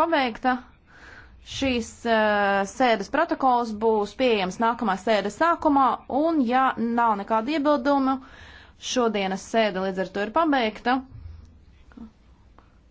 pabeigta. Šīs uh, sēdes protokols būs pieejams nākamā sēdes sākumā, un ja nav nekāda iebildumu, šodienas sēde līdz ar to ir pabeigta.